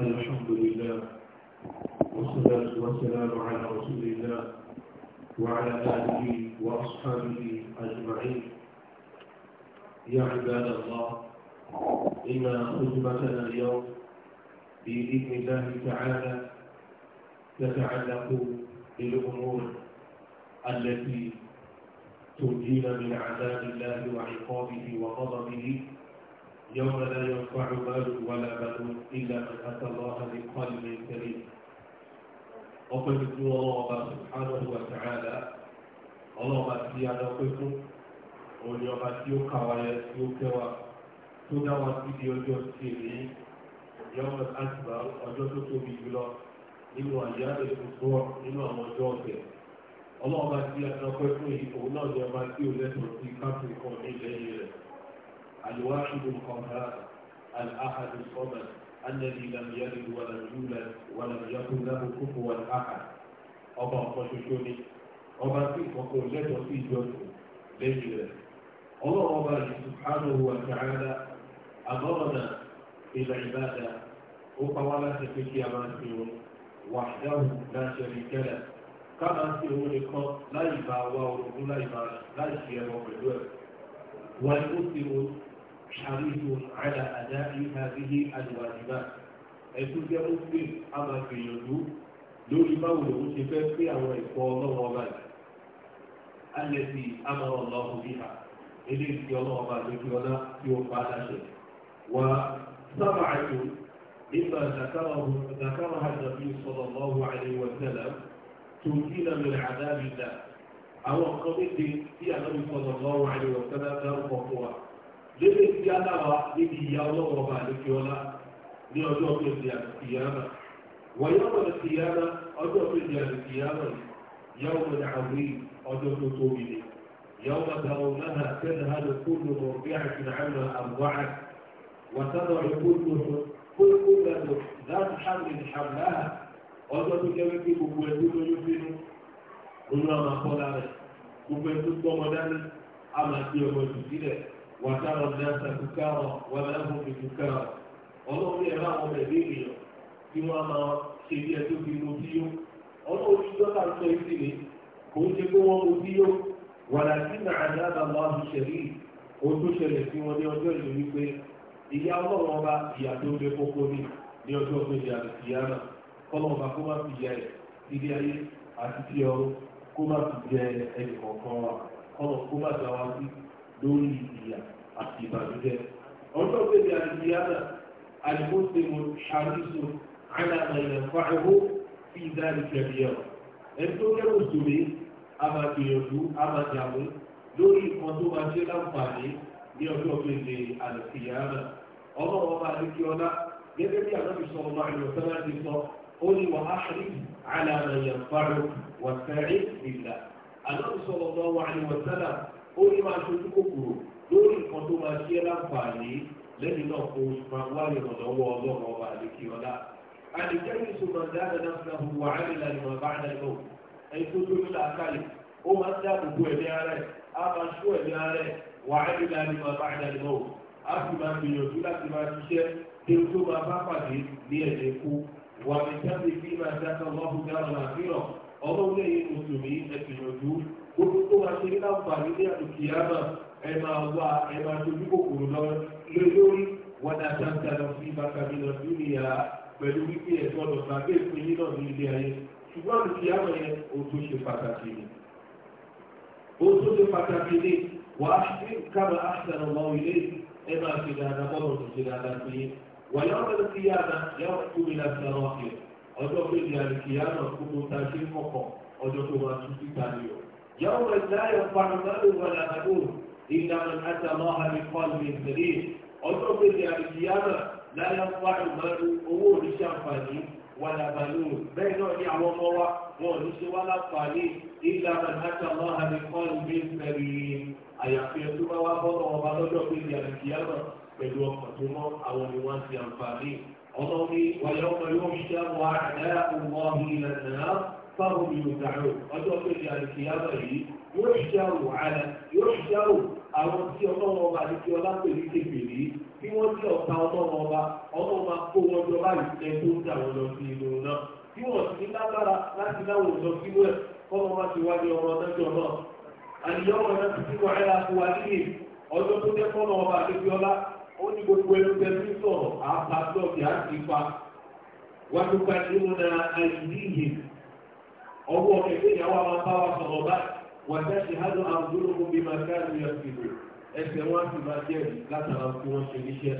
الحمد لله والصلاة والسلام على رسول الله وعلى آله وأصحابه أجمعين يا عباد الله إن خدمتنا اليوم بإذن الله تعالى تتعلق بالأمور التي تنجينا من عذاب الله وعقابه وغضبه يوم لا ينفع مال ولا بنون إلا من أتى الله بقلب كريم وقد ابتلى الله سبحانه وتعالى الله ما في على قسم واليوم يوكا ويوكا تدعى في يوجو السيري يوم الأكبر وجوته بجلال إنه أيام الأسبوع إنه أمجوته ọlọ́run bá ti ẹ̀sán pẹ́ fún yìí òun náà ni ọba tí ó lẹ́sọ̀ọ́ sí káàpì kan ní lẹ́yìn rẹ̀ alwahidu kọ̀ọ̀kan alahadu sọ́mà alẹ́bí lamiyali wàlámiyúlẹ̀ wàlámiyàkú lábẹ́ kókó wàláhà ọba ọ̀kan ṣoṣo ni ọba tí ìkọ̀kọ̀ lẹ́sọ̀ọ́ sí ìjọsìn lẹ́yìn rẹ̀ ọlọ́run bá yìí subhanahu wa ta'ala àmọ́ràn ìlà ìbàdà ó pa wá láti pé kí a máa ń fi wọn wàhálà láṣẹ káàmà sí òun nìkan láì bá wa orogún láì bá láì ṣe ẹ̀rọ pẹ̀lú ẹ̀. wọ́n ó ti wo ṣàríhù àdá àdá ìhà ìhì àdìwàdìbà ẹ̀tún jẹ́ ó pè á máa gbìyànjú lórí báwo lòun ṣe fẹ́ pé àwọn ẹ̀kọ́ ọlọ́wọ́ ọba yìí. alẹ́ sí amọ̀ràn ọlọ́run bíhà eléyìí tí ọlọ́wọ́ ọba lójú ọlá tí ó pa láṣẹ. wà sábà àjò nígbà zakaraha nàbí sallallahu alaihi wa sallam tòmínà lórí àdáàbí dà àwọn nǹkan méje tí ànábi sọ̀rọ̀ lọ́wọ́ àìwọ̀ sẹ́dá dárúkọ fún wa lélẹ̀ tí a dáwà níbi ìyá ọlọ́wọ́ ọba àlejò ọlá ní ọjọ́ kejì àtìyáná wọ̀nyẹ́ wọn àtìyáná ọjọ́ kejì àtìyáná yàwó ní àwìn ọjọ́ tó tóbi ni يوم ترونها تذهل كل مرضعة عما أرضعت وتضع كل كل ذات حمل حملها ọjọ́ tó jẹ́ wípé gbogbo ẹni olúwa máa kọ́ lára ẹ̀ gbogbo ẹ̀ tó gbọ́ ọmọ dání a máa gbé ọmọ jù sílẹ̀ wàtárọ̀ dáńtà kúkárọ̀ wàláhùn fi kúkárọ̀ ọlọ́run yẹn láwọn ọmọ ẹ̀dẹ́ ènìyàn tí wọ́n máa ṣe bí ẹ tó fi mu sí yó ọlọ́run dọ́tà sọ èsì ni kò ń ṣe pé wọ́n mu sí yó wàlá sí nàìjíríà ọlọ́run ọba kó má fi ìyá ẹ̀ sílé ayé àti ti ọrùn kó má ti jẹ ẹnì kọ̀ọ̀kan wa kọ́nà kó má dá wa sí lórí ìyà àti ìbànújẹ́ ọjọ́ bèbè àdìyànà àdìmọ́sẹ̀mọ́ ṣàlùsọ àdàmà ìyànfà ẹ̀hó fi ìdáàrí kẹ̀míyà ẹni tó jẹ́ mùsùlùmí a máa gbìyànjú a máa dààmú lórí nǹkan tó máa jẹ́ láǹfààní ní ọjọ́ bèbè àdìyànà ọlọ́wọ́ máa ní kí ọlá gẹ́gẹ́ bí àdàbìsọ̀rọ̀ ó ní wà á ṣe àlàyé yẹ̀fọ́rọ̀ wọ̀tẹ́rì ìlà alọ́sọ̀rọ̀ náà wà ní wọ̀tẹ́là ó ní máa ṣojú kòkòrò lórí nǹkan tó máa ṣe láǹfààní lẹ́yìn náà kó máa wá ìrànlọ́wọ́ ọlọ́run ọba àdékíọ́lá àdékẹ́rì ìṣòro dáadáa náà fún àwọn wàhálì lálẹ́ wọn bá dáa náà ẹni tó lórí làákàlẹ̀ ó máa ń dáàbò bo ẹ̀mí ara ẹ̀ á máa ṣó ẹ̀mí ara ẹ̀ wàhálì lálẹ́ wọn bá dáa náà á sì máa gbìyànjú láti máa ṣiṣẹ́ kí n tó máa bá pàdé ní ẹ̀jẹ̀ wà mí sábẹ́ kí máa dáká lọ́hùn dára máa fíràn ọlọ́run lẹ́yìn mùsùlùmí ẹ̀sìnàdú gbogbo tó máa ṣe nílá nǹkan ní àtòkìyàmà ẹ máa wá ẹ máa dojú kòkòrò lọ lórí wọ́dà sáńtà lọ sí bàkàmì lọ pẹ̀lú wípé ẹ̀tọ́ lọ gbàgbé ìpín yín náà ní ilé ayé ṣùgbọ́n àtòkìyàmà yẹn ó tó ṣe pàtàkì ni ó tó ṣe pàtàkì ni wàá ṣe kábà àṣà ويوم القيامة يرجو إلى السراحل ọjọ́ kejì àríkìyàmà kó mo ta ṣe kọ̀kọ̀ ọjọ́ tó máa tún síta ni o. yàwó rẹ̀ láyọ̀ pàrọ̀mọ́lù wọlé àdó ìlànà àti àwọn àríkọ́lù ìgbèrè ọjọ́ kejì àríkìyàmà láyọ̀ pàrọ̀mọ́lù owó oníṣẹ́ àǹfààní wọlé àbálò bẹ́ẹ̀ náà ni àwọn ọmọ wa wọn ò ní ṣe wá láǹfààní ìlànà àti àwọn àríkọ́lù ìgbèrè àyàfi ẹ̀ tó bá wá bọ́ pẹ̀lú ọkàn tó mọ́ àwọn ni wọ́n ti àǹfààní ọlọ́run ní wàlẹ́ ọmọ yóò ń ṣe àwọn àdá ọmọ ilẹ̀ náà fáwọn olùdàrú ọjọ́ péjì àdìsíyàbọ̀ yìí yóò ṣe àwò ààrẹ yóò ṣe àwò àwọn tí ọlọ́run ọba àti tí ọlá pè ní kékeré bí wọ́n jẹ́ ọ̀tá ọlọ́run ọba ọlọ́run máa kó wọn jọ báyìí tẹ́ tó ń dà wọn lọ sí inú náà bí wọ́n sì lágbára láti dáwọ̀ lọ sí wẹ̀ kọ́mọ wá ti wájú ọmọ ọ̀dájọ́ náà àníyàn ọmọ náà ti ní gbogbo ẹnu tẹ́lú sọ̀rọ̀ àpàtọ́ọ̀tì àti ipa wọ́n tó ká ní wọn náà àìní ìhìn ọwọ́ kẹ̀kẹ́ ìyàwó àwọn bá wa sọ̀rọ̀ báyìí wọ́n tẹ́sí hádùn àwọn ológun bí máa ká ní ẹ̀sìn ẹsẹ̀ wọn sì máa jẹ́ látara tí wọ́n ṣe níṣẹ́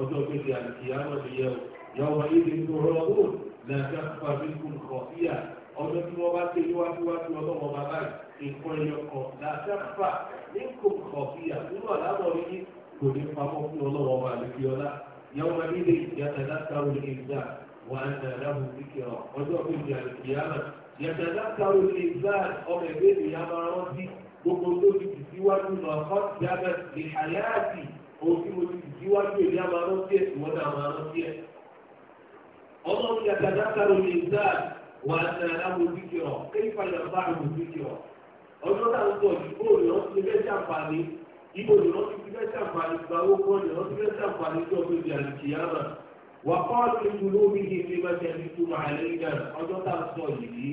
ọjọ́ gbèsè àti àmọ́ ìyẹ́ o yàwó ilé tó rọ́ọ̀rù làjà fàbíkùn kọ̀ọ̀fíà ọjọ́ tí wọ́n bá ṣe níwájúwájú ọlọ́mọ bàbá yìí nǹkan ẹyọ kan làjà fà ní kò kọ̀ọ̀fíà nínú àlámọ̀ yìí kò ní pamọ́ fún ọlọ́wọ́ wa lókè ọlá yàwó ma nílé yàtàdá kárò ní ìgbà wà á nà láhùn síkè ọ ọjọ́ kejì àlùkìyàmà yàtàdá kárò ní ìgbà ọmọ ẹgbẹ́ ìyàmà rántí gbogbo tó ti ti síwájú lọ kọ́ ti abẹ́ ti àyáàtì ohun tí mo ti ti síwájú ìyàmà rántí ẹ̀ wọ́n dà máa rántí ẹ̀. ọlọ́run yàtàdá kárò ìgbà wà á nà láhùn síkè ọ kéyìí fàyà bá àhùn ọ ọjọ́ táwọn ibo ni wọ́n ti fi fẹ́ ṣàǹfààní gba owó kan ni wọ́n ti fẹ́ ṣàǹfààní tó ọdún ìdí àlùkìyàmà wà kọ́ọ̀tù ìdúró mi ní ilé mẹ́tẹ́ ní túmọ̀ àìlẹ́yìn ọjọ́ tá a sọ yìí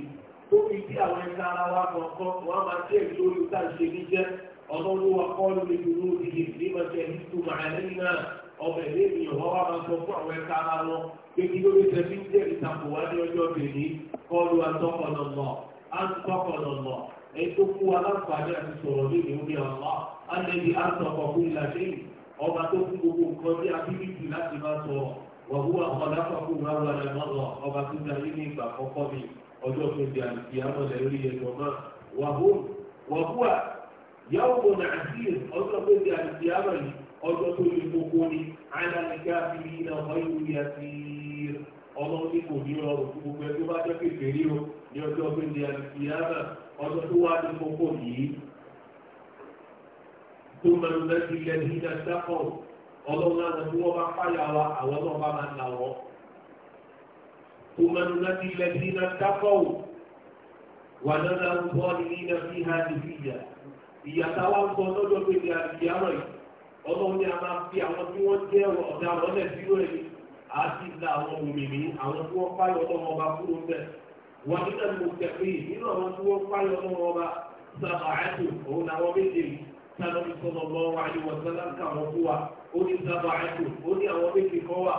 tó fi bí àwọn ẹ̀ka ara wa kọ̀ọ̀kan wọ́n máa tẹ̀ lórí tá a ṣe níjẹ́ ọlọ́run wa kọ́ọ̀lù ìdúró mi ní ilé mẹ́tẹ́ ní túmọ̀ àìlẹ́yìn náà ọmọ ẹ̀mí ènìyàn wọ́n wá máa sọ fún àwọn ẹ̀ka ara wọn pé kí ló lè tẹ̀ sí jẹ́ ìtàkùn wá ní ọjọ́ bèèrè kọ́ọ̀lù àtọ́kọ̀nà mọ̀ àtọ́kọ̀nà mọ̀ ètò kú aláǹfààní àti sọ̀rọ̀ lónìí ó ní ọ̀la alẹ́bí àtọ̀kọ̀ fún ìlàjẹ́ yìí ọba tó fún gbogbo nǹkan ní abíbìtì láti máa sọ̀rọ̀ wàhúwà ọ̀làfàkù ráwà lẹ́mọ̀rọ̀ ọba tó dá yín ní ìgbà kọ́kọ́ mi ọjọ́ kejì àti àmọ̀lẹ́ orí ẹ̀jọ̀ náà wàhúwà yàwó mọ̀ nàásì ọjọ́ kejì àti àmọ̀ ọjọ́ tó lè gbogbo ni alálẹ́ká fi ní kò ní ọrùn fún ní ọjọ́ pé ní àlùfíàmà ọdún tó wá ní kókó yìí tó máa ń lẹ́sí lẹ́sí ní àṣàkọ́ ọlọ́run àwọn tí wọ́n bá fàyà wa àwọn náà bá máa ń là wọ́n tó máa ń lẹ́sí lẹ́sí ní àṣàkọ́ wà lọ́dọ̀ àwọn bọ́ọ̀lù ní nàfíhà nìfíjà ìyàtà wa ń sọ lọ́jọ́ pé ní àlùfíàmà yìí ọlọ́run ni a máa fi àwọn tí wọ́n jẹ́ ọ̀dà àwọn ẹ̀sìn rẹ̀ àti ìlà àwọn òmìnir wà nínú mùtẹ̀kì nínú àwọn tí wọ́n pálí ọmọ wọn bá sábà àtò òun làwọn méje sábà ní sọ́nà wa ni wọ́n sábà ń kà fún wa ó ní sábà ó ní àwọn méje kan wà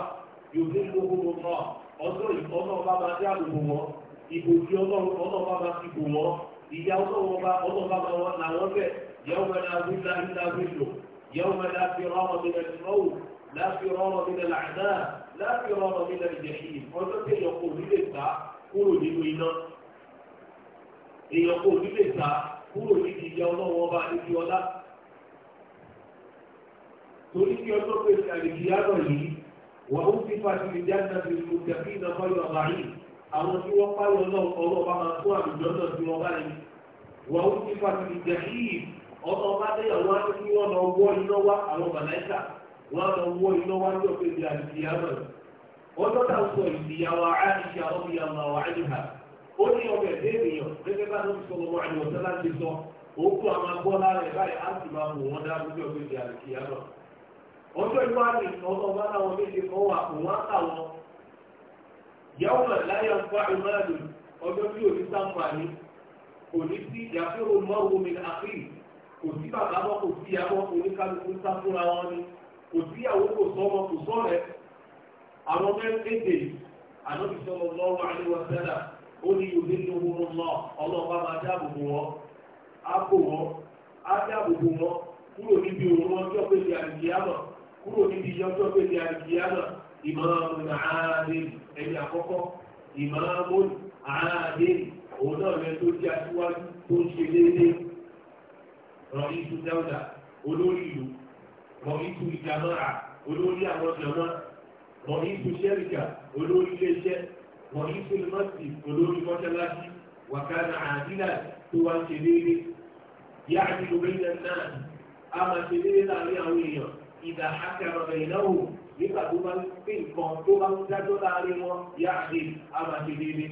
yòókù gbogbo wọn náà ọdún ìkọ́nà ọba máa dé àbùkù wọn ìbòjì ọlọ́run ọba máa fi bò wọn ìyá ọlọ́run ọba ọlọ́ba máa wọn làwọn bẹ̀ yẹ́wò mẹ́ta wíńdà ìlà wíńdò yẹ́wò mẹ́ta fi rọ́ọ̀rọ̀ mi lẹ́nu lọ́wọ́ láfi mi lẹ́nu àdá láfi rọ́ọ̀rọ̀ mi lẹ́nu jẹ̀ṣin ọjọ́ tẹ̀yọ̀ kò ní lè kúrò nínú iná èèyàn kò ní lè sá kúrò níbi ìyá ọlọ́wọ́ bá níbi ọlá torí kí ọjọ́ pé àlèkìyàrá yìí wà ó ti fa ìdílé jáde àti ìlú tẹ̀kí iná fáyọ̀ àbáyé àwọn tí wọ́n páyọ̀ náà ọlọ́ bá máa tún àlùjọ náà sí wọn báyìí wà ó ti fa ìdílé jáde yìí ọ̀nà ọba déyàwó á ní kí wọ́n lọ wọ́ iná wá àwọn màláìkà wọ́n lọ wọ́ iná wá ní ọ̀pẹ̀ ọjọ́ tá a sọ ìyàwó àìsà ọbí àmà wàhálìhà ó ní ọmọ ẹ̀dẹ́ ènìyàn gẹ́gẹ́ bá lóbi sọ ọmọ àìsàn ọ̀sán láti sọ òkú àwọn agbọ́lá rẹ̀ báyìí á sì máa wò wọ́n dá lójú ọ̀gbìn ìdí àlùkìyà náà ọjọ́ ìwà ni ọmọ bá láwọn méje kan wà kò wọ́n àtàwọn yàwó mà láyà ń fa ìmáàlù ọjọ́ tí òní sáǹfààní òní sí ìyàfẹ́rò mọ́wó mi àfi kò sí bàbá mọ́ kò sí ìyàwó oníkálukú sáfúnra wọn ni kò síyàwó kò sọ́mọ kò sọ́rẹ́ àwọn mẹ́rẹ́kẹ́dẹ́ ànábì sọ̀rọ̀ lọ́wọ́ àríwá sẹ́dà ó ní yòókè ní owó lọ́ ọlọ́ọ̀bá máa dáàbòbò wọn á bò wọn á dáàbòbò wọn kúrò níbi òun ọjọ́ pèsè àdìyàmọ̀ kúrò níbi ọjọ́ pèsè àdìyàmọ̀ ìmọ̀ràn àádé ẹni àkọ́kọ́ ìmọ̀ràn àádé òun náà rẹ tó jẹ́ aṣíwájú tó ń ṣe déédéé rọ̀rí ìtú dáúdà olórí ìlú rọ̀rí ìtú ìjàmọ́ra olórí àwọn jọ̀mọ́ mọ̀hínsù ṣẹ́ríkà olórí iléeṣẹ́ mọ̀hínsù mọ́sì olórí mọ́ṣáláṣí wàkánà àdínà tó wá ṣe déédé yá àdínú bẹ́ẹ̀ náà a máa ṣe déédé láàrin àwọn èèyàn ìdá akẹ́rọ̀ ìnáwó nígbà tó bá ń pè nǹkan tó bá ń dájọ́ láàrin wọn yá àdín a máa ṣe déédé.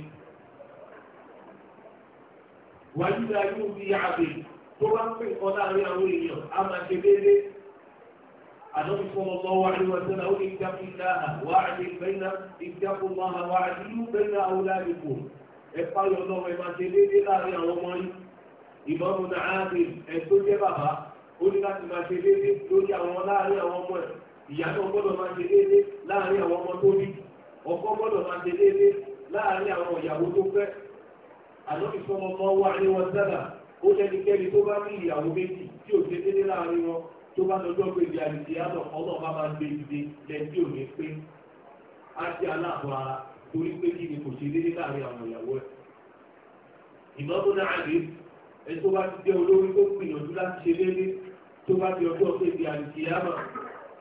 wàyí dáa yóò fi tó bá ń pè nǹkan láàrin àwọn èèyàn a máa ṣe déédé. النبي صلى الله عليه وسلم اتقوا الله واعدل بين اتقوا الله واعدلوا بين اولادكم ẹ̀páyọ̀ ọlọ́run ẹ̀ máa ṣe déédéé láàrin àwọn ọmọ yìí ìmọ̀mù nàáàbì ẹ̀ tó jẹ́ bàbá ó ní láti gbọ́dọ̀ máa ṣe déédéé láàrin àwọn ọmọ tó bí ọkọ gbọ́dọ̀ máa ṣe déédéé láàrin àwọn ìyàwó tó fẹ́ àlọ́bí sọmọ mọ́ wà ní wọn sábà ó lẹ́nikẹ́ni tó bá ní ìyàwó méjì tí ò ṣe déédéé láàrin wọn tó bá lọ́jọ́ pé ibi àdìsí yàtọ̀ ọlọ́run bá máa gbé ìdílé lẹ́tí òní pé á sí aláàbọ̀ ara torí pé kí ni kò ṣe déédéé láàrin àwọn ìyàwó ẹ̀. ìnáwó náà àdé ẹni tó bá ti jẹ́ olórí tó gbìyànjú láti ṣe déédéé tó bá di ọjọ́ pé ibi àdìsí yàtọ̀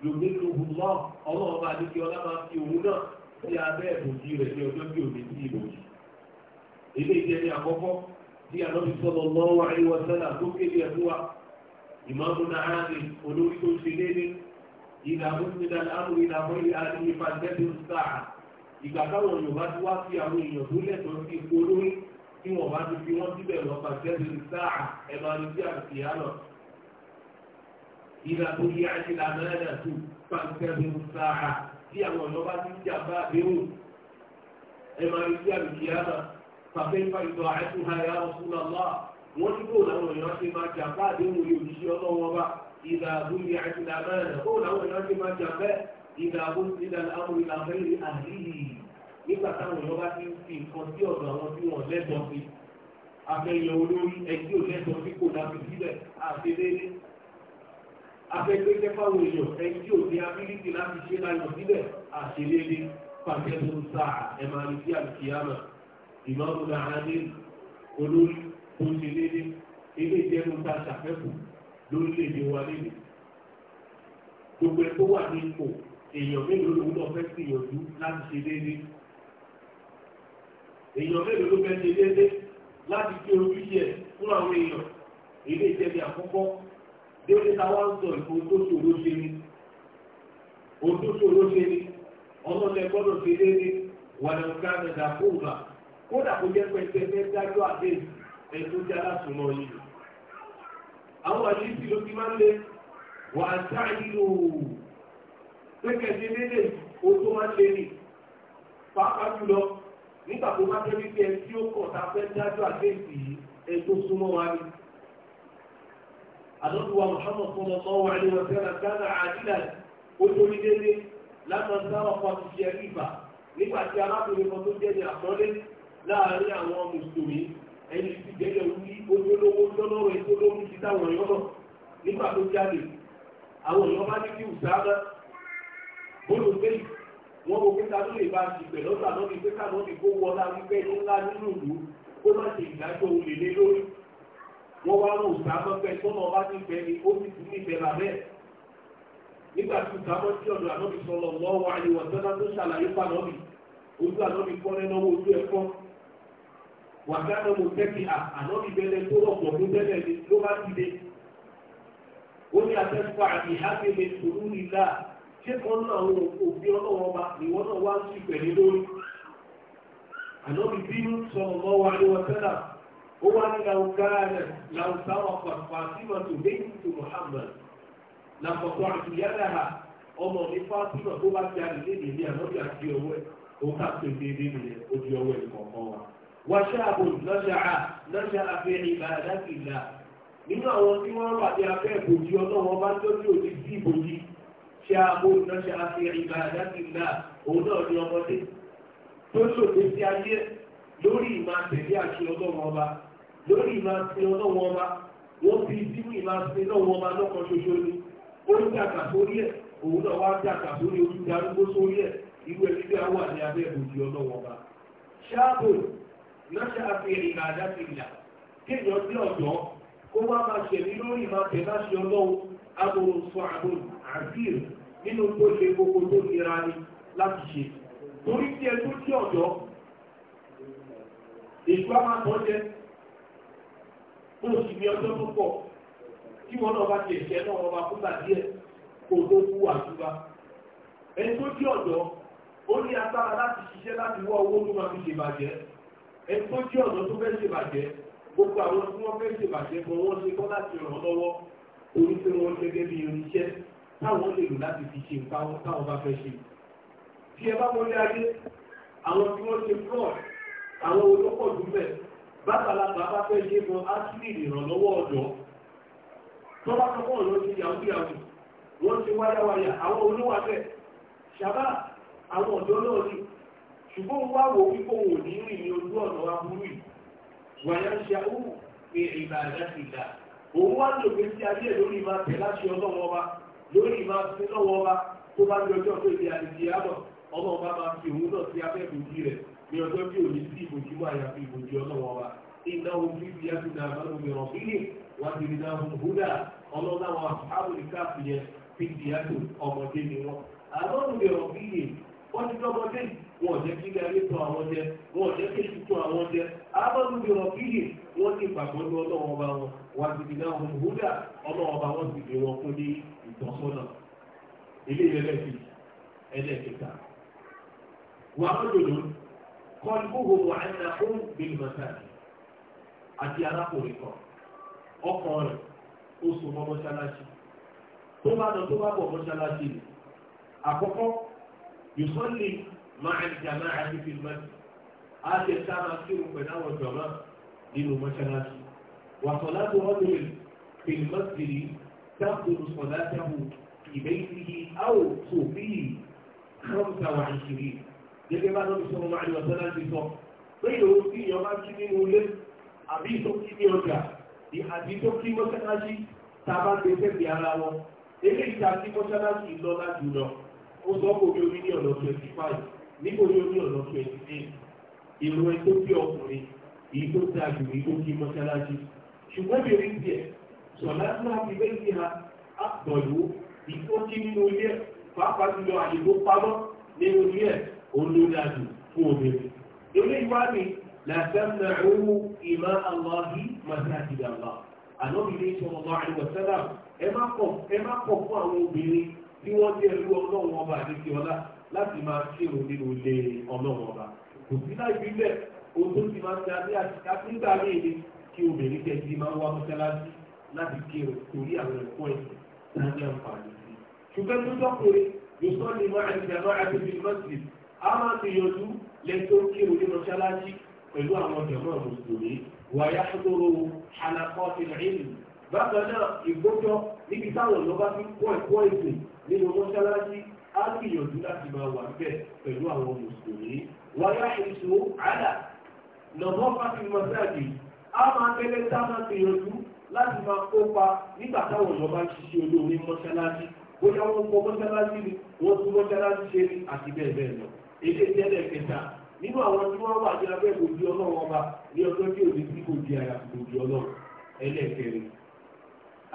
yòókè ló hù mọ́ ọlọ́run bá ní kí ọlá máa fi òun náà sí abẹ́ ìbòjì rẹ̀ ní ọjọ́ bí òní sí ìbòjì. eléyìí jẹ́ àkọ́kọ́ tí àná ìmọ̀ọ́mù náà ní olórí tó ṣe léde ìlà mọ́tìmídà láàmú ìlà mọ́lì àdìyí pàṣẹ́bí sáà ìgbà táwọn Yorùbá ti wá sí àwọn èèyàn tó lẹ́tọ̀ọ́ sí ipò olórí tí wọ́n bá ti fi wọ́n síbẹ̀ lọ pàṣẹ́bí sáà ẹ̀ máa ní sí àti àlọ́ ìlà tó yẹ àti ìlànà ẹ̀dà tó pàṣẹ́bí sáà tí àwọn ọ̀yọ́ bá ti jà bá àdéhùn ẹ̀ máa àti àlọ́ wọ́n ní kó làwọn èèyàn ṣe máa jà bá àdéhùn orí òṣìṣẹ́ ọlọ́wọ́n bá ìdá àbúlé àti ìdá mẹ́rin kó làwọn èèyàn ṣe máa jà bẹ́ẹ̀ ìdá àbúlé ìdá àmúrí làbẹ́rẹ́ àdéhì nígbà táwọn èèyàn bá ti ń fi nǹkan sí ọ̀dọ̀ àwọn tí wọ́n lẹ́tọ̀ọ́ sí afẹ́yẹ olórí ẹtí ò lẹ́tọ̀ọ́ sí kò dàbí síbẹ̀ àfẹ́lẹ́lẹ́ afẹ́gbẹ́jẹ́ fáwọn èèyàn ẹtí ò ní tó ṣe déédé ilé ìjẹun tá a ṣàfẹ́kù lórílẹ̀-èdè wa léde gbogbo ẹ̀ tó wà ní ipò èèyàn mélòó lòun náà fẹ́ sí ìyànjú láti ṣe déédé èèyàn mélòó ló fẹ́ ṣe déédé láti gbé ojúṣe ẹ̀ fún àwọn èèyàn ilé ìjẹun àkọ́kọ́ déédé táwa ń sọ ìfowó tó ṣòro ṣe ni òtútùrú ṣe ni ọlọ́dẹ gbọ́dọ̀ ṣe déédéé wà lọ́ọ́ ká nàdà fún wa kódà kó jẹ́ pẹ́ẹ́pẹ́ fẹ́ dájọ́ àdéhùn ètò jẹ́ alásùnmọ́ yìí àwọn àdìsí ló fi máa ń lé wà á sá ìlú pékèjì lédè ó tó máa ń lé ní pàápàá jùlọ nígbà tó bá tẹ́lẹ̀ pé ẹni tí ó kọ̀ tá a fẹ́ dájọ́ àdéhùn yìí ẹni tó súnmọ́ wa ni. àdọ́dúwà Muhammad sallallahu alaihi wa sallam gánà àdílà ó torí délé lánàá sáwà kan ti ṣe ìfà nígbà tí arábìnrin kan tó jẹ́ ní àpọ́nlé láàárín àwọn mùsùlùmí ẹni tí gbẹ́lẹ̀ wí ojúlówó lọ́lọ́rọ̀ ètò lórí ti táwọn èèyàn náà nígbà tó jáde àwọn èèyàn bá ní kí ùsáàmà bólú pé wọ́n mọ̀ pé kánú lè bá ti pẹ̀ lọ́sà náà ni pé kánú ti kó wọlá wípé ní ńlá nínú ìlú kó má ṣe ìdájọ́ olè lé lórí wọ́n wá mú ùsáàmà pẹ́ tọ́nà ọba ti pẹ́ ni ó sì tún nífẹ̀ẹ́ làbẹ́ nígbà tí ùsáàmà tí ọ̀dọ̀ ànábì sọlọ lọ́wọ́ àyẹ̀wò àtọ́nà tó ṣàlàyé fún ànábì ojú ànábì kọ́ wàgánà mo tẹ́kì à ànábi bẹ́lẹ̀ tó rọ̀pọ̀ tó bẹ́lẹ̀ ni ló bá ti dé. ó ní afẹ́fọ́ àti ìhákẹ́lẹ́ tòlú nílá ṣé kan náà àwọn òbí ọlọ́wọ́ ọba ìwọ náà wá sí ìpẹ̀lẹ́ lórí. ànábi bínú sọ ọmọ wa ní wọn tẹ́lá ó wá ní làwùgáàrẹ̀ làwùsáwà fàtímà tó lẹ́yìn tó Muhammad làkọ̀tọ̀ àti yàrá ha ọmọ ní fàtímà tó bá ti àdìlé nìyí ànábi àti ọwọ́ ẹ̀ ó di wàṣáàbò lọ́ṣàá fi ìbàdà ìlà nínú àwọn tí wọ́n wà ní abẹ́ ìbòjì ọlọ́wọ́ bá tọ́jú òdì sí ìbòjì ṣáàbò lọ́ṣàá fi ìbàdà ìlà òun náà ní ọmọdé tó ṣòfò sí ayé lórí ìmọ̀ àtẹ̀lé àṣẹ ọlọ́wọ́ ọba lórí ìmọ̀ àti ọlọ́wọ́ ọba wọ́n fi sínú ìmọ̀ àti ọlọ́wọ́ ọba lọ́kàn ṣoṣo ni ó ń dàgbà sórí ẹ̀ òun náà wá ń dàgbà sórí ojú darúgbó sórí ẹ̀ irú ẹ̀ nígbà wà ní abẹ́ ìbòjì ọlọ́wọ́ ọba ṣáàbò lọ́sẹ̀ àfihàn ìbàdà ti là kéèyàn bí ọ̀dọ́ kó wá máa ṣẹ̀mí lórí máa tẹ̀ láti ọlọ́wọ́ agbóhùnsọ àbòrò àzír nínú tó ṣe gbogbo tó nira ni láti ṣe torí tí ẹ tó tí ọ̀dọ́ èso a máa tọ́ jẹ́ kó o sì ní ọjọ́ tó pọ̀ tí wọn náà bá ti ẹ̀ṣẹ́ náà wọn bá kúgbà díẹ̀ kó tó kú àtúbá ẹ tó ọ̀dọ́ ó ní agbára láti ṣiṣẹ́ láti wá owó tó máa fi ṣèbàjẹ́ ẹ̀kọ́ jẹ́ ọ̀nà tó fẹ́ ṣèbàjẹ́ gbogbo àwọn tí wọ́n fẹ́ ṣèbàjẹ́ kan wọ́n ṣe kọ́ láti ràn lọ́wọ́ orí tí wọ́n gẹ́gẹ́ bí irinṣẹ́ táwọn lè lò láti fi ṣe nǹkan táwọn bá fẹ́ ṣe. tí ẹ bá wọlé ayé àwọn tí wọ́n ṣe fraud àwọn olókọ̀ dúpẹ́ bàbàlàbà bá fẹ́ ṣe fún ásílì ìrànlọ́wọ́ ọ̀dọ́ tọ́wọ́ kan wọ́n lọ ṣùgbọ́n wá wo wípé òun ní ìrìn ojú ọ̀nà aburú yìí wàyà ń ṣe àwù pé ìgbà àdá ti dà òun wá lò pé sí ayé lórí máa tẹ̀ láṣẹ ọlọ́wọ́ wa lórí máa fi lọ́wọ́ wa tó bá di ọjọ́ pé ìdí àdìsí àbọ̀ ọmọ ọba máa fi òun náà sí abẹ́ ìbòjì rẹ̀ ní ọjọ́ bí òní sí ìbòjì wà yàtọ̀ ìbòjì ọlọ́wọ́ wa iná ojú ti yàtọ̀ náà bá lómi rọ̀ bí ní wà á ti rí náà ọmọdé ni wọ́n àbọ̀lùmí wọ́n ti dọ́gbọ́dé wọn ò jẹ́ kí ilé ayé tó àwọn jẹ wọn ò jẹ́ kí èsì tó àwọn jẹ abọ́dúndì ọ̀bíyè wọ́n ti gbàgbọ́ ní ọba wọn wà sí ìdílé àwọn òwúdà ọlọ́wọ́ ọba wọn sì dé wọn fún ní ìtọ́sọ́nà ilé ẹlẹ́ẹ̀kì ẹlẹ́ẹ̀kẹta àti arákùnrin kan rẹ̀ ó tó يصلي مع الجماعة في المسجد آتي كما كيرو بناو الجماعة دينو مشناتي وصلاة رجل في المسجد تأخذ صلاته في بيته أو صوفه خمسة وعشرين gẹ́gẹ́ bá lọ́bí sọ́rọ̀ máa yọ sọ́lá ti sọ pé ìlòó sí ìyọba kí nínú ilé àbí tó kí ní ọjà àbí tó kí mọ́ṣáláṣí tá a bá gbé fẹ́ ara wọn eléyìí tá a kí mọ́ṣáláṣí lọ́lá jùlọ ó sọ kò ní orí ní ọ̀nà twenty five níbo ní orí ọ̀nà twenty eight èrò ẹ tó bí ọkùnrin èyí tó dáa jù èyí tó kí mọ́ṣáláṣí ṣùgbọ́n bí orí tiẹ̀ sọ̀lá náà fi bẹ́ẹ̀ sí ha àpọ̀lù ìfọ́kí nínú ilé ẹ̀ pàápàá jùlọ àyèkó pamọ́ nínú ilé ẹ̀ olódàjù fún obìnrin. eléyìí wá ní làtẹ́mẹ̀ owó ìmọ̀ aláhi màsáàtìdàlá ànábìlẹ̀ sọ̀rọ̀ àìwọ̀sẹ́lá ẹ má kọ̀ fún àwọn obìnrin tí wọ́n jẹ́ ẹrú ọlọ́run ọba àdékè ọlá láti máa kírun nínú ilé ọlọ́run ọba kò sí láì fi bẹ́ẹ̀ ohun tó ti máa ń darí àtìká tí ń darí èdè kí obìnrin kẹ́sì máa ń wá mọ́ṣáláṣí láti kírun torí àwọn ẹ̀kọ́ ẹ̀sìn tó ní àǹfààní sí i. ṣùgbọ́n tó tọ́kùnrin yóò sọ ní máa ń jẹ́ máa ti fi mọ́sílì á máa ti yanjú lẹ́tọ́ kírun ní mọ́ṣáláṣí pẹ̀lú àwọn jọ̀mọ́ mùsùlùmí wàyà ṣòro àlàkọ́ ti rìn bákan náà ìgbójọ́ níbi táwọn èèyàn bá fi kọ́ ẹ̀kọ́ ẹ̀sìn nínú mọ́ṣáláṣí á gbìyànjú láti máa wà níbẹ̀ pẹ̀lú àwọn mùsùlùmí wáyà èso àdà lọ́mọ́ fáfi mọ́ṣáàjì á máa tẹ́lẹ̀ tá máa gbìyànjú láti máa kópa nígbà táwọn èèyàn bá ń olóore mọ́ṣáláṣí bóyá wọ́n kọ́ mọ́ṣáláṣí ni wọ́n tún mọ́ṣáláṣí ṣe ni àti bẹ́ẹ̀ bẹ́ẹ̀ lọ èdè tẹ́lẹ̀ kẹta nínú àwọn tí wọ́n wà ní abẹ́ ìbòjú ọlọ́run ọba ní ọjọ́ tí òní sí ìbòjú ara ìbòjú ọlọ́run ẹlẹ́ẹ̀kẹrin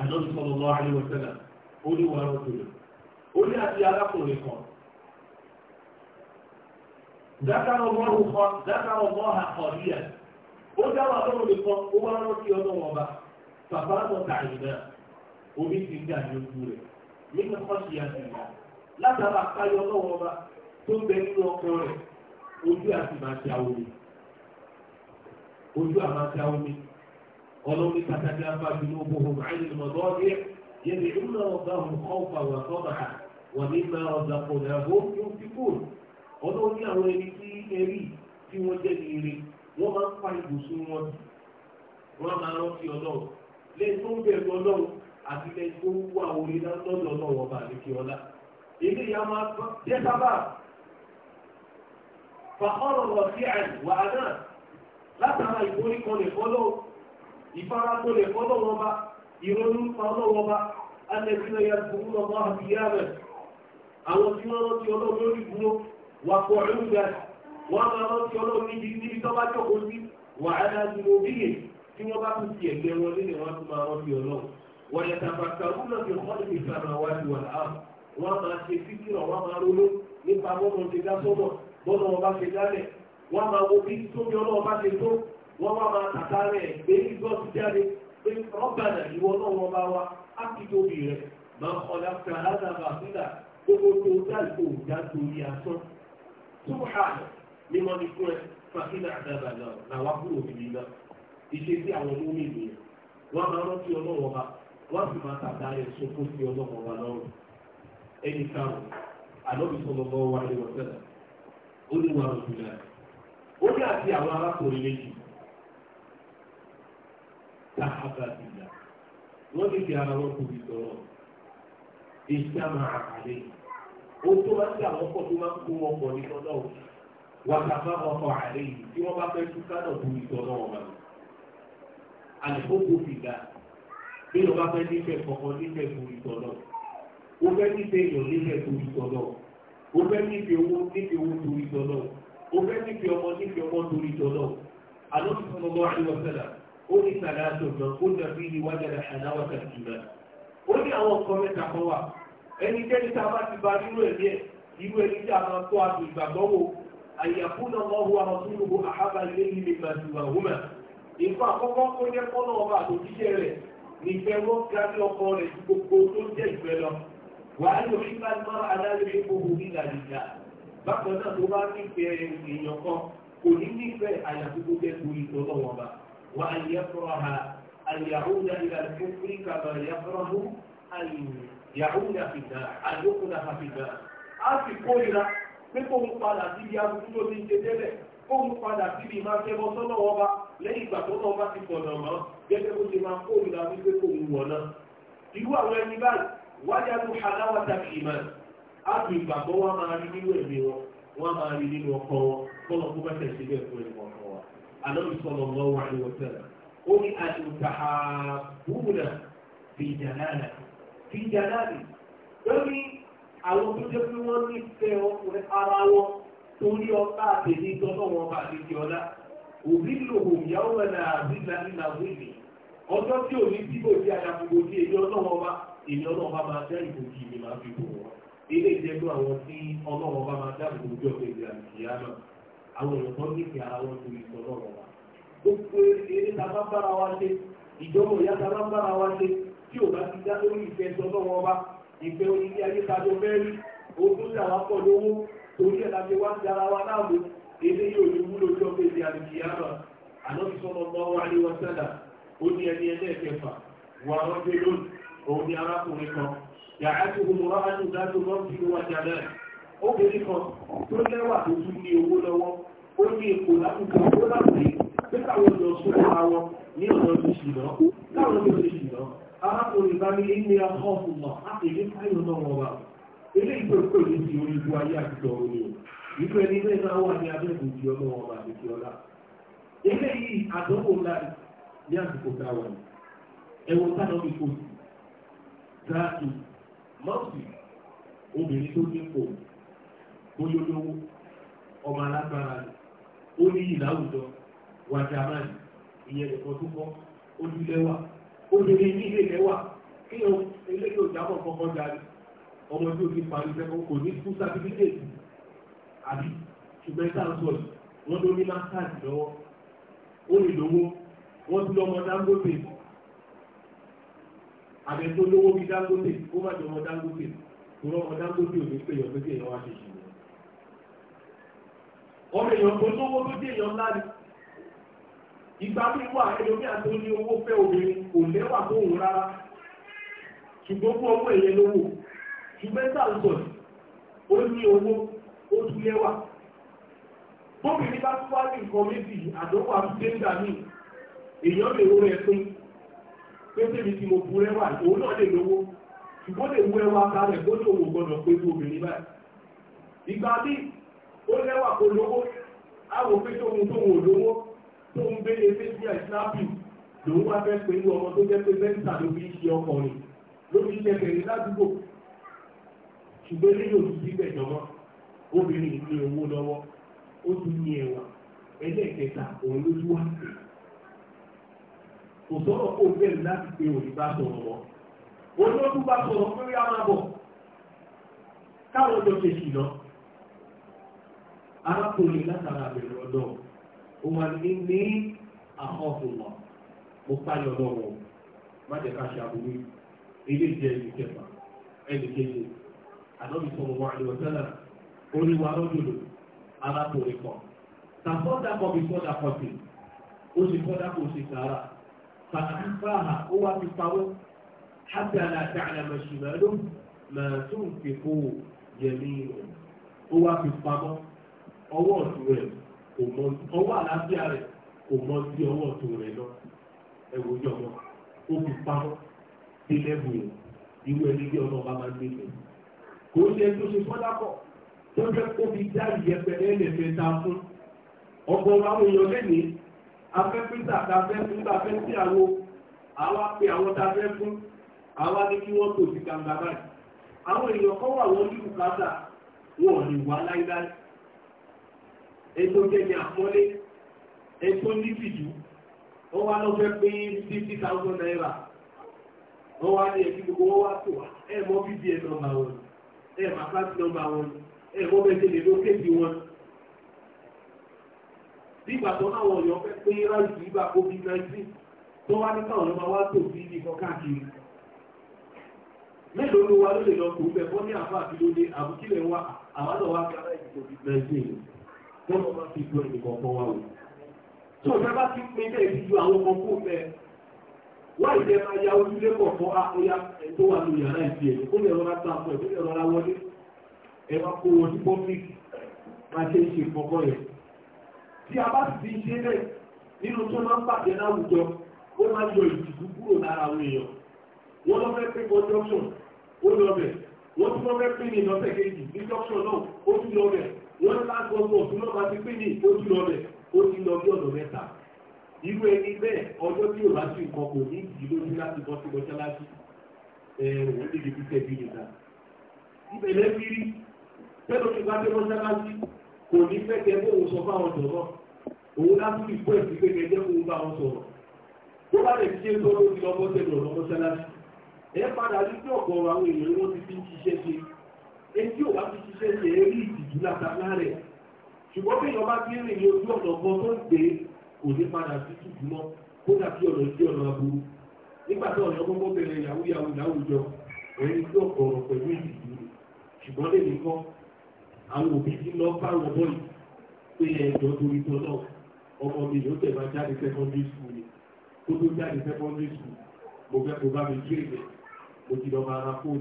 àjọ́sí sọ́lọ́lọ́ àríwọ̀ tẹ́lẹ̀ ó ní wọ́n rọ́tòlò ó ní àti alákùnrin kan dákàrọ̀ mọ́rùn kan dákàrọ̀ mọ́ha ọ̀díyà ó dáwà lọ́rùn kan ó wá rántí ọdún wọn bá bàbá lọ tààyè náà omi ti ń dà ní ojú rẹ̀ nínú kọ́sì àtìyà látara káyọ lọ́wọ́ bá tó ń bẹ nínú ọkọ rẹ̀ ojú àti màá ti àwọn omi ojú àmàti àwọn omi ọlọ́run pàtàkì afájú ló bó hùn àyè lọ́dọ́ yẹ yẹbi ìmọ̀ ọ̀gá hùn kọ́ọ̀fà wà sọ́dà tó ń ìfarakó lè fọ́lọ́wọ́ bá ìrònú fọ́lọ́wọ́ bá alẹ́sìn ẹ̀yà gbogbo ọmọ àbíyá rẹ̀ àwọn tí wọ́n rántí ọlọ́run lórí dúró wà pọ̀ ẹ̀rù rẹ̀ wọ́n máa rántí ọlọ́run níbi níbi tó bá jókòó sí wà á dá dúró bíyè tí wọ́n bá tún ti ẹ̀gbẹ́ wọn nílẹ̀ wọ́n tún máa rántí ọlọ́run wọ́n yẹ tàbàtà rúnà fi kọ́lù ìsàmà wá sí wọn wọ́n máa ṣe fíkìrọ̀ wọ́n máa ronú nípa bọ́ọ̀mù ti dá sọ́mọ̀ bọ́ọ̀mù ọba ṣe dálẹ̀ wọ́n máa wo bí tóbi ọlọ́ọba ṣe tó wọ́n wá máa tàkà rẹ̀ pé gbọ́ ti jáde pé rọ́bàdà ìwọ náà wọ́n bá wa á kí tóbi rẹ̀ máa kọjá fún aládàbà sílà gbogbo tó dáàbò dáàbò yìí asán túbúhàlẹ̀ ní wọ́n ti fún ẹ fàkínà àdàbà náà làwọn kúrò níbi náà iṣẹ́ tí àwọn ọmọ mi nìyẹn wọ́n máa rántí ọlọ́wọ́ bá wọ́n sì máa tàkà rẹ̀ sọ́kó sí ọlọ́wọ́ wa lọ́rùn ẹni káwọn àlọ́bí sọlọ́gbọ́ wa ni wọ́n tẹ̀lé ó ní wàá rọ̀ sáábà ìyá wọ́n ti fi ara wọn tóbi sọ̀rọ̀ ìṣàmà àkàlẹ́ o tó máa ń gbà wọ́n pọ̀ tó máa ń kó wọn pọ̀ ní ọ̀dọ́ òun wàtàfà ọkọ̀ àlẹ́ yìí tí wọ́n bá fẹ́ túká náà tóbi sọ̀rọ̀ wọn báyìí àlùkòkò fìlà bí wọ́n bá fẹ́ nífẹ̀ẹ́ kọ̀ọ̀kan nífẹ̀ẹ́ tóbi sọ̀rọ̀ o fẹ́ nífẹ̀ẹ́ èèyàn nífẹ̀ẹ́ tóbi sọ̀rọ̀ o fẹ́ nífẹ̀ẹ́ owó nífẹ̀ẹ́ owó tóbi sọ̀rọ̀ o fẹ́ nífẹ̀ẹ́ ọmọ nífẹ̀ẹ́ ọmọ tóbi sọ̀rọ̀ àlọ́ ó ní sàdáàtò náà ó dàbí ìwádìí àdáwà tàbí ìmọ̀ ó ní àwọn nǹkan mẹ́ta kan wà ẹni jẹ́ni tá a bá ti ba nínú ẹ̀mí ẹ̀ irú ẹni tí a máa kó àtò ìgbàgbọ́ wo àyàkúnà ọ̀hún àmọ̀túnú àhábà ilé ilé màdùmá húmà ìfọ àkọ́kọ́ ó jẹ́ kọ́nà ọba àtòjíṣẹ́ rẹ̀ nífẹ̀ẹ́ wọ́n ga ní ọkọ rẹ̀ ju gbogbo tó jẹ́ ìfẹ́ lọ wàá lò ní bá ní máa aláàlú làlìjà bákan náà tó bá nífẹ̀ẹ́ èèyàn kan kò ní nífẹ̀ẹ́ àyàkúgbó jẹ́ torí ìtọ́lọ́wọ́n bá وأن يكره أن يعود إلى الكفر كما يكره أن يعود في النار أن يقذف في النار a sì kórira pé kóhun padà síbi aburú tó ti ń ṣe tẹ́lẹ̀ kóhun padà síbi máa ṣe bọ́ sọ́nà ọba lẹ́yìn ìgbà tó náà bá ti fọ̀nà mọ́ gẹ́gẹ́ bó ṣe máa kórira wípé kóhun wọ̀ náà. irú àwọn ẹni báyìí wájà ló haláwà tàbí ìmọ̀ á fi ìgbàgbọ́ wa máa rí nínú ẹ̀mí wọn wọ́n á máa rí nínú ọkọ wọn kọ́nà kó bá tẹ̀sí bẹ́ẹ̀ fún ẹ̀kọ́ Ànábì sallallahu alaihi wa sallam ó ní àtùtàbùnà fi jalala fi jalali lórí àwọn tó jẹ́ pé wọ́n nífẹ̀ẹ́ ọkùnrin ara wọn torí ọba àtẹ̀lé tọ́lọ́ wọn bá ti di ọlá òbí lòhùn yàwó ẹ̀ náà àbí ìlànà ìlànà ọjọ́ tí ò ní bíbò tí àdàbòbò tí èyí ọlọ́wọ́ bá èyí ọlọ́wọ́ bá máa dá ìbòjì ni máa fi bò wọ́n ilé ìjẹ́gbọ́ àwọn tí ọlọ́wọ́ bá máa dáàbò ojú ọ̀gbìn ìgbà ìyá náà àwọn èèyàn tó nífẹ̀ẹ́ ara wọn torí ìtọ́lọ́ wọn wa. gbogbo eré ta bá bára wa ṣe ìjọba ìyá ta bá bára wa ṣe tí ò bá ti dá lórí ìfẹ́ ìtọ́lọ́ wọn wa ìfẹ́ onílé ayé ta ló mẹ́rin owó tó pọ̀ lówó torí ẹ̀ láti wá ara wa láàbò ilé yóò ní wúlò sọ̀rọ̀ mọ́ wa ní wọn sẹ́dà ó ní ẹni obìnrin kan tó lẹ́wà tó tún ní owó lọ́wọ́ ó ní epo lákòókò owó láti pé káwọn lọ sún ara wọn ní ọ̀nà tó sì lọ káwọn lọ sí sì lọ arákùnrin bá ní ilé ọkọ̀ fún wọn láti ilé káyọ̀ náà wọn wà ilé ìgbòkó ní ti orí ibu ayé àtijọ́ orí o ìlú ẹni bẹ́ẹ̀ náà wà ní abẹ́ẹ̀kù ti ọmọ wọn bá ti fi ọlá ilé yìí àdánwò ńlá ní àsìkò táwọn ni ẹ̀wọ̀n táwọn fi kò sí dáàtì mọ́ọ̀sì obìnrin tó ní kò bóyá olówó ọmọ alágbára ni ó ní ìlàwùjọ wàjàmáì ìyẹn nìkan tó kọ́ ó ní lẹ́wà obìnrin ní ilé lẹ́wà kí eléyìí òjàmọ̀ kọ́kọ́ darí ọmọ tí o ti parí sẹ́kọ̀ọ́ kò ní fún sátífíkẹ́ẹ̀tì àbí ṣùgbọ́n ẹ̀ka ń sọ yìí wọ́n ló ní masters lọ́wọ́ ó lè lówó wọ́n tún lọ́mọ Dangote àbẹ̀ tó lówó bí Dangote kó má jọ ọmọ Dangote kó lọ́mọ Dangote ò ní pè yọ pé kí èèyàn wá ṣe ṣe. ọmọ èèyàn tó lówó tó dé èèyàn ńlá ni ìgbà wíwà a àti ó ní owó fẹ́ obìnrin kò lẹwà tó wù rárá ṣùgbọ́n fún ọmọ èèyàn lówó ṣùgbọ́n sàlùsọ̀ ó ní owó ó tún lẹ́wà bá tún wá ní nǹkan méjì ń dà míì èèyàn lè ó lẹ́wà kó lówó àwọn òfin tó ń tóun òlówó tó ń gbé ẹgbẹ́ sí àìsíláàpì lòun wá fẹ́ pẹ̀lú ọmọ tó jẹ́ pé mẹ́ta ló fi ṣe ọkọ̀ ló fi ṣe bẹ̀rẹ̀ ládùúgbò ṣùgbọ́n eléyìí ò tún síbẹ̀ jọmọ́ obìnrin ní owó lọ́wọ́ ó tún ní ẹwà ẹlẹ́ẹ̀kẹta òun bá sọ̀rọ̀ bá sọ̀rọ̀ pé a káwọn ṣe arákùnrin látara bẹ̀rẹ̀ ọ̀dọ́ ó wà ní ní àkọ́fùnmọ̀ mo páyọ lọ́wọ́ má jẹ́ ká ṣàbùrú ilé jẹ́ ẹni kẹfà ẹni kejì àdọ́bí sọmọ wa ni ọ̀tẹ́lẹ̀ oríwá lọ́jọ́lò arákùnrin kan tàfọ́dà kan bí fọ́dà kan ó sì fọ́dà kò sì sàárà fàáfàá ó wá fi pawó حتى لا تعلم شماله ما تنفق يمينه ó wá fi pamọ́ ọwọ́ ọ̀tún rẹ̀ kò mọ ọwọ́ àlàáfíà rẹ̀ kò mọ sí ọwọ́ ọ̀tún rẹ̀ lọ ẹ̀wọ̀n ojú ọmọ ó fi pamọ́ sí lẹ́bù yẹn irú ẹni bí ọmọ ọba máa ń gbé kò tó ṣe tó jẹ́ kó fi dá ẹlẹ́fẹ́ ta fún ọgbọ́n lẹ́nìí fẹ́ sí àwo àwa ètò jẹ́ni àpọ́lé ètò nífìdú ó wá lọ fẹ́ pé fifty thousand naira wọ́n wá ní ẹ̀kí gbogbo wọ́n wá tó wá ẹ̀ mọ́ bíbí nọ́mbà wọn ẹ̀ mọ́ àkáǹtì nọ́mbà wọn ẹ̀ mọ́ bẹ́ẹ̀ tẹ̀lé ló kéde wọn. nígbà tó náà wọ̀ yọ fẹ́ pé ráìsì nígbà covid nineteen tó wá ní káwọn ọmọ wa tó sí ní kọ́ káàkiri. mélòó ló wá ló lè lọ kó bẹ́ẹ̀ fọ́ ní àfáà kí ló dé àbúkílẹ̀ wa àwọn náà fi aláìsí covid nineteen bọ́lá ọba fi ju ẹnì kọ̀ọ̀kan wá wò. tó o bá ti pín ilé ìdíjú àwọn ọmọ kó fẹ́ wáyé jẹ́ máa ya ojúlé kọ̀ọ̀kan àkóyá tó wà lórí yàrá ìdí ẹ̀ kó lè rọra tà fún ẹ̀ kó lè rọra wọlé ẹ̀ máa kó wọn ní pọ́fíìkì máa ṣe ìṣe kọ̀ọ̀kan yẹn. tí a bá ti ṣe bẹ́ẹ̀ nínú tó máa ń bàjẹ́ láwùjọ ó máa yọ ìdìbò kúrò lára àwọn èèyàn wọ́n lọ fẹ́ pé conjunction ó lọ bẹ̀ wọ́n tún lọ pín wọ́n ní láti ọmọ òtún náà bá ti pín ní ìtọ́jú lọ rẹ̀ ó ti lọ bí ọ̀nà mẹ́ta irú ẹni bẹ́ẹ̀ ọjọ́ tí yóò bá sí nǹkan kò ní ìdí lójú láti bọ́ sí mọ́ṣáláṣí òun lè lè fi tẹ̀bí nìkan ìbẹ̀lẹ̀ fi rí pẹ́lú mi bá dé mọ́ṣáláṣí kò ní fẹ́ kẹ́ kó òun sọ fáwọn sọ̀rọ̀ òun láti fi pọ̀ ẹ̀sìn pé kẹ́ jẹ́ kó o bá wọn sọ̀rọ̀ tó bá lè ṣe sọ lórí ọmọ tẹ̀lé ọ̀nà mọ́ṣáláṣí ẹ padà rí pé ọ̀gọ̀ọ̀rọ̀ àwọn èèyàn wọn ti fi ń ṣiṣẹ́ ṣe etí ò bá ti ṣiṣẹ́ ṣe é rí ìtìjú látàlá rẹ̀ ṣùgbọ́n bí ìyọba ti rìn ní ojú ọ̀nà kan tó ń gbé kò ní padà sí tìjú mọ́ kódà kí ọ̀nà sí ọ̀nà aburú nígbà tí ọ̀nà kọ́kọ́ bẹ̀rẹ̀ yahoo yahoo láwùjọ ẹni tí ọ̀pọ̀ ọ̀rọ̀ pẹ̀lú ìtìjú rẹ̀ ṣùgbọ́n lè nìkan àwọn òbí ti lọ fáwọn ọmọ yìí pé ẹ̀jọ́ torí tọ́ náà ọmọ mi yóò tẹ̀ máa jáde secondary school ni kó tó jáde secondary school mo fẹ́ kó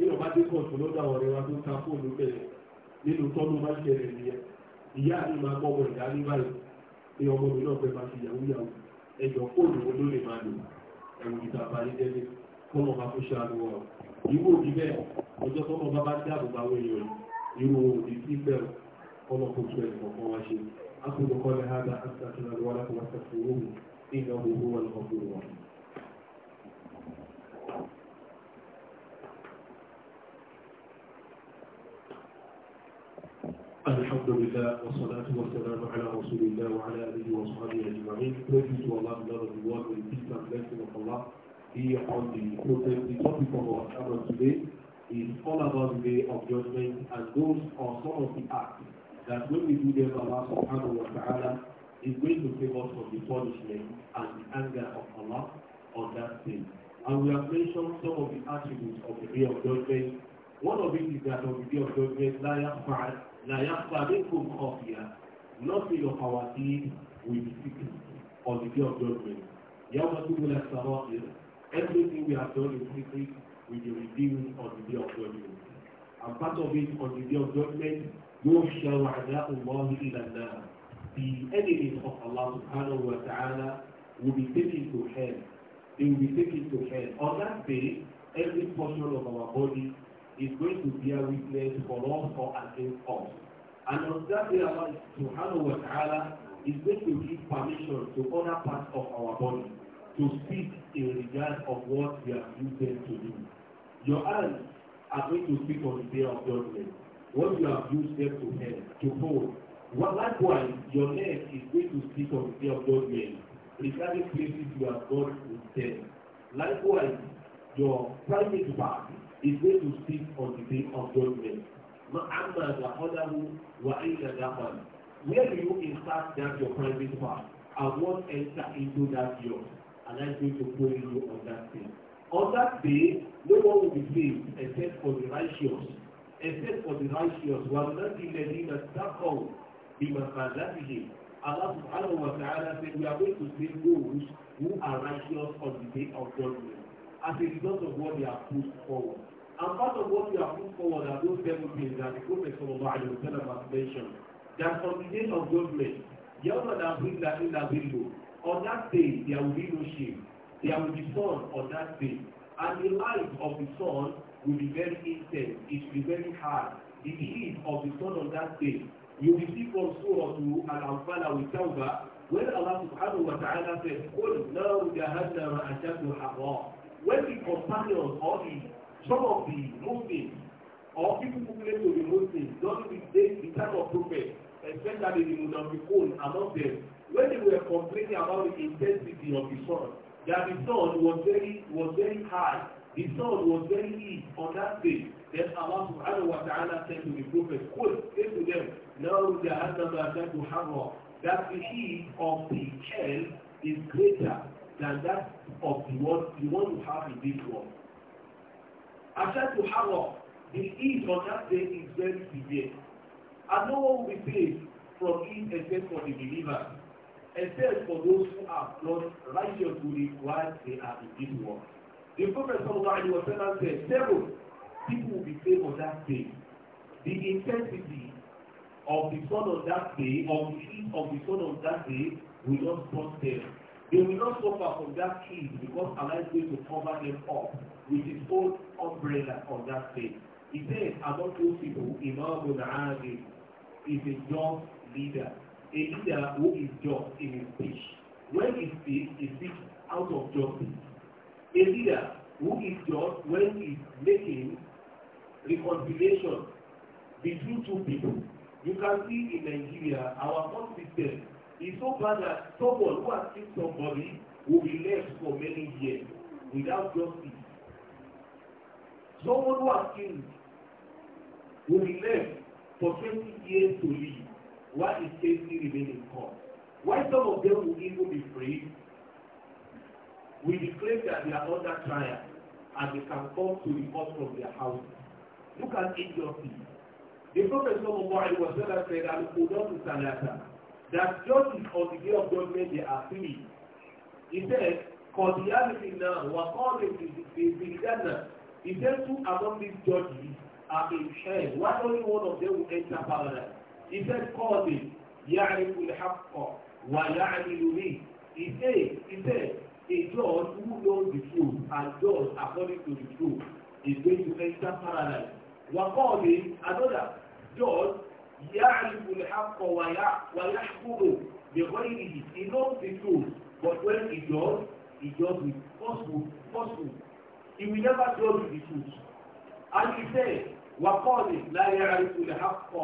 nínú bá dé kọ̀ọ̀tù ló dá ọ̀rẹ́ wa tó ta fóònù bẹ̀rẹ̀ nínú tọ́lú bá ṣẹlẹ̀ nìyẹn ìyá mi máa gbọ́ ọmọ ìdá ní báyìí ní ọmọ mi náà fẹ́ máa fi yàwó yàwó ẹjọ́ fóònù wo ló lè máa lò ẹ̀rù ìta balẹ̀ dẹ́lẹ̀ kọ́mọ bá fún ṣáà lọ́wọ́ ìwú òbí bẹ́ẹ̀ ọjọ́ tọ́mọ bá bá dáàbò bá wọ èèyàn irú òbí sí الحمد لله والصلاة والسلام على رسول الله وعلى آله وصحبه أجمعين. نجد to Allah, the Lord of the world, and peace and blessing of Allah the topic of our sermon today is all about the day of judgment, and those are some of the acts that when we do them, Allah subhanahu wa ta'ala is going to save us from the punishment and the anger of Allah on that day. And we have mentioned some of the attributes of the day of judgment. One of it is that on the day of judgment, لا يخفى La yakfarikum khafiyah. Nothing of our deed will be secret on the day of judgment. Yawma tubula sarair. Everything we have done in secret will be revealed on the day of judgment. And part of it on the day of judgment, يُحْشَرُ عَدَاءُ اللَّهِ إِلَى النَّارِ The enemies of Allah subhanahu wa ta'ala will be taken to hell. They will be taken to hell. On that day, every portion of our body is going to be a witness for us or against us. And on that day, Allah subhanahu wa ta'ala is going to give permission to other parts of our body to speak in regard of what we have used to do. Your hands are going to speak on the day of judgment, what you have used them to help, to hold. Well, likewise, your neck is going to speak on the day of judgment regarding places you have gone with them. Likewise, your private part is going to speak on the day of judgment. Ma'amma da'adahu wa'ina da'man. Where do you insert that your private part? And what enter into that yours? And I'm going to pray you on that day. On that day, no one will be saved except for the righteous. Except for the righteous. وَالَّذِي الَّذِينَ اتَّقَوْا بِمَفَازَتِهِمْ Allah subhanahu wa ta'ala said, we are going to save those who are righteous on the day of judgment as a result of what they have put forward. And part of what we have put forward are those developments things that the Prophet Sallallahu Alaihi Wasallam has mentioned. That on the day of judgment, Yawma Nabila Illa Bilbo, on that day there will be no shame. There will be sun on that day. And the light of the sun will be very intense. It will be very hard. The heat of the sun on that day. You will see from Surah to Al-Anfal with Tawbah, when Allah subhanahu wa ta'ala says, قُلْ نَارُ جَهَنَّمَ أَشَدُّ حَرَّارًا when the companions or the some of the Muslims or people who claim to be Muslims during the day the time of prophet especially the munafikun among them when they were complaining about the intensity of the sun that the sun was very was very high the sun was very heat on that day then Allah subhanahu wa ta'ala said to the prophet quote say to them now jahannam ashadu harra that the heat of the hell is greater than that of the one you want to have in this world. I said to Harrow, the heat on that day is very severe. And no one will be saved from it except for the believer, except for those who are not righteous duty while they are in this world. The Prophet Sallallahu Alaihi Wasallam said, several people will be saved on that day. The intensity of the sun on that day, of the heat of the sun on that day, will not cause them They will not suffer from that kid because Allah is going to cover them up with his own umbrella on that day. He says, among those people, Imam al-Adil is a just leader, a leader who is just in his speech. When he speaks, he speaks out of justice. A leader who is just when he is making reconciliation between two people. You can see in Nigeria, our court system It's so bad that someone who has killed somebody will be left for many years without justice. Someone who has killed will be left for 20 years to live while his case still remain in court. Why some of them will even be freed? We declare that they are under trial and they can come to the court from their houses. Look at injustice. The Prophet Sallallahu Alaihi Wasallam said, Al-Qudus Salata that justice on the day of judgment they are free. He said, Cordiality now, are the Biligana. He said, two among these judges are in hell. Why only one of them will enter paradise? He said, Cordi, Ya'rifu al-haqqa wa ya'milu bi. He said, he said, a judge who knows the truth and judge according to the truth is going to enter paradise. Wakone, another judge يعرف الحق ويحكم بغيره he knows the truth but when he does he does it forceful forceful he will never does with the truth and he say وقال لا يعرف الحق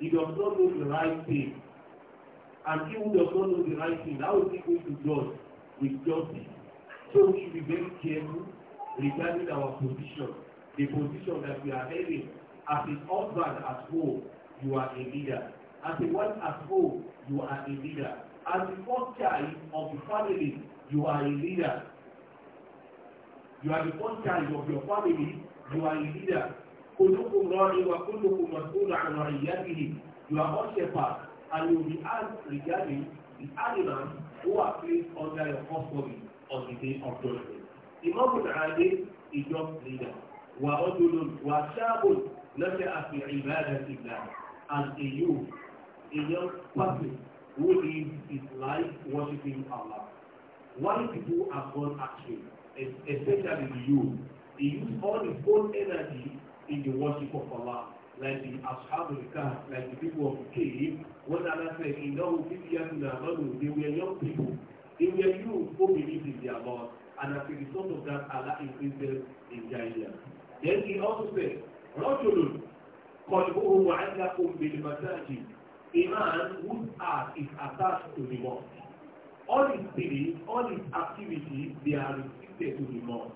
he does not know the right thing and he who does not know the right thing how is he going to judge with justice so we should be very careful regarding our position the position that we are having As a husband at home, you are a leader. As a wife at home, you are a leader. As the first child of the family, you are a leader. You are the first child of your family, you are a leader. كلكم راعي وكلكم مسؤول عن رعيته. You are all shepherds and you will be regarding the animals who are placed under your custody on the day of judgment. Imam al-Adil is just leader. وَرَجُلٌ وَشَابٌ نشأ في عبادة الله and a youth, a young person who is his life worshiping Allah. Why people are gone actually, especially the youth, they use all his whole energy in the worship of Allah, like the Ashabul Kahf, like the people of the cave, when Allah said, in Innahu fidyatuna amanu, they were young people, they were youth who believed in their Lord, and as a result of that, Allah increased them in Jahiliyyah. Then he also said, رجل قلبه معلق بالمساجد A man whose heart is attached to the mosque. All his feelings, all his activities, they are restricted to the mosque.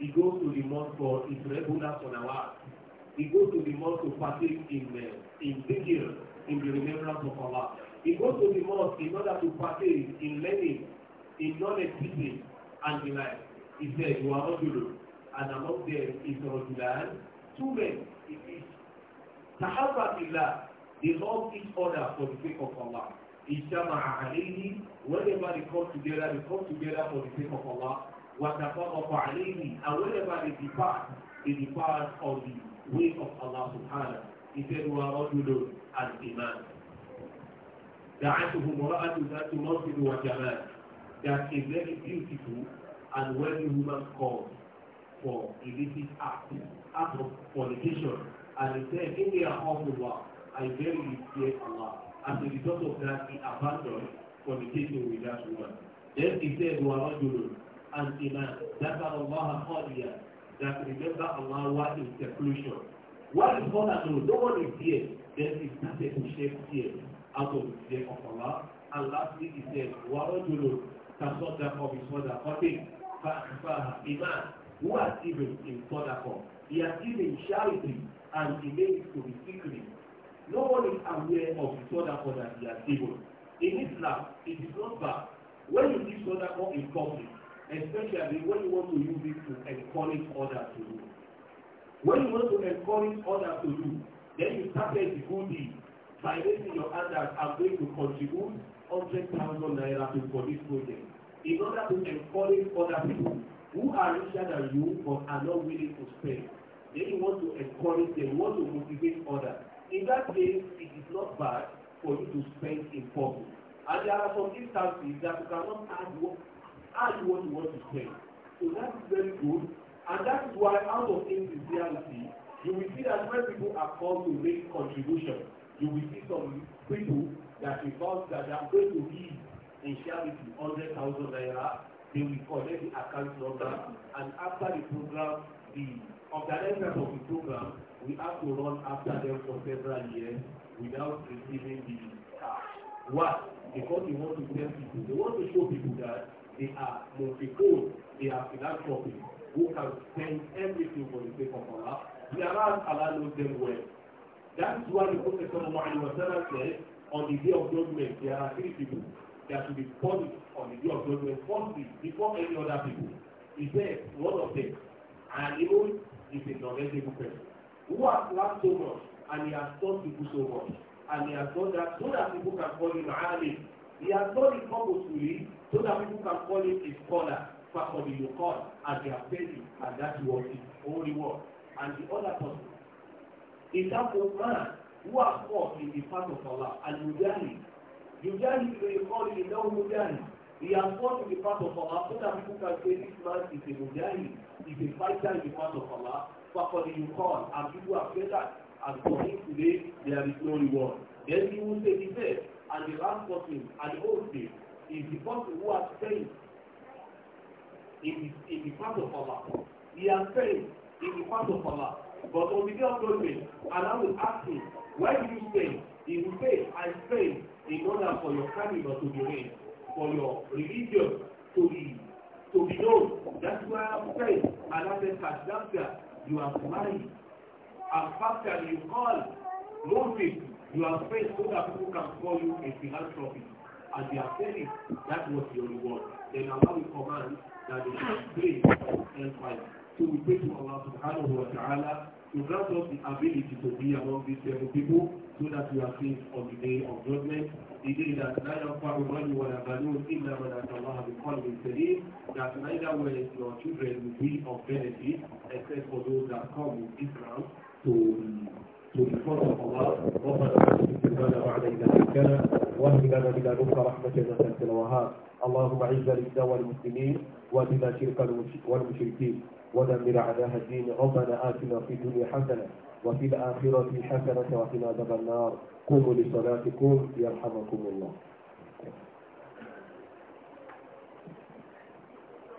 He goes to the mosque for his regular salawat. He goes to the mosque to partake in uh, in dhikr, in the remembrance of Allah. He goes to the mosque in order to partake in learning, in knowledge teaching, and the like. He said, You are Rajulun, and among them is Rajulan, two men, it is Tahabbatillah, they love each other for the sake of Allah. Ijtama'a alayhi, whenever they come together, they come together for the sake of Allah. Watafaqa alayhi, and whenever they depart, they depart on the way of Allah subhanahu. wa He said, wa rajulun al-iman. دعته امرأة ذات منصب وجمال that a very beautiful and well human cause for illicit acts act of fornication and he said, In all over, I verily fear Allah. As a result of that, he abandoned fornication with that woman. Then he said, وَرَجُلٌ and iman. That's what Allah Khaliya. That remember Allah was in seclusion. What is God knows? No one is here. Then he started to shed tears out of the fear of Allah. And lastly he said, of his وَرَجُلٌ تَصَدَّقَ بِصَدَقَةٍ فَأَخْفَاهَا iman. Who has given in Sadaqah? He are still charity and he remain to be secret. No one is aware of the sadaqa that he are given. In Islam, it is not bad. When you give sadaqa in public, especially when you want to use it to encourage others to do. When you want to encourage others to do, then you started the good deed by raising your hand that I'm going to contribute 100,000 naira to for this project in order to encourage other people who are richer than you but are not willing to spend. Then you want to encourage them, you want to motivate others. In that case, it is not bad for you to spend in public. And there are some instances that you cannot add what, add what you want to spend. So that is very good. And that is why out of insincerity, you will see that when people are called to make contribution, you will see some people that will count that they are going to give in charity 100,000 naira they will collect the account number and after the program the organizers of the program we have to run after them for several years without receiving the cash. Why? Because they want to tell people, they want to show people that they are multi-goal, they are philanthropic, who can spend everything for the sake of Allah. are not allowing them well. That is why the Prophet said on the day of judgment, there are three people there should be punished on the day of judgment firstly before any other people he said one of them and even is a knowledgeable person who has learned so much and he has taught people so much and he has done that so that people can call him Ali. he has done it purposefully so that people can call him a scholar faculty the call and they are paying and that was his only work and the other person is that old man who has fought in the path of Allah and mujahid Yujani is a call in no Mujani. He has fought in the path of Allah so that people can say this man is a Mujani, is a fighter in the path of Allah. But for the Yukon, and people have said that, and for him today, there is no reward. Then he will say this, best, and the last person, and the whole thing, is the person who has failed in the, in the path of Allah. He has failed in the path of Allah. But on the day of judgment, Allah will ask him, Why do you spend? He will I and spend in order for your caliber to be raised, for your religion to be to be known. That's why I'm saying, Allah says, Kashdamka, you are married. And after you call Moses, you are faith so that people can call you a philanthropist. As they are saying, that was your reward. Then Allah will command that they should pray and fight. So we pray to Allah subhanahu wa ta'ala to grant us the ability to be among these seven people so that we are saved on the day of judgment. The day that neither Farumani or Abanun that Allah has called will Salim, that neither one of your children will be of benefit except for those that come with Islam to to the front of Allah. واهدنا بلا نصر رحمة ذات الوهاب اللهم اعز الإسلام والمسلمين وبلا شرك والمشركين ودمر على الدين ربنا آتنا في الدنيا حسنة وفي الآخرة حسنة وقنا عذاب النار قوموا لصلاتكم يرحمكم الله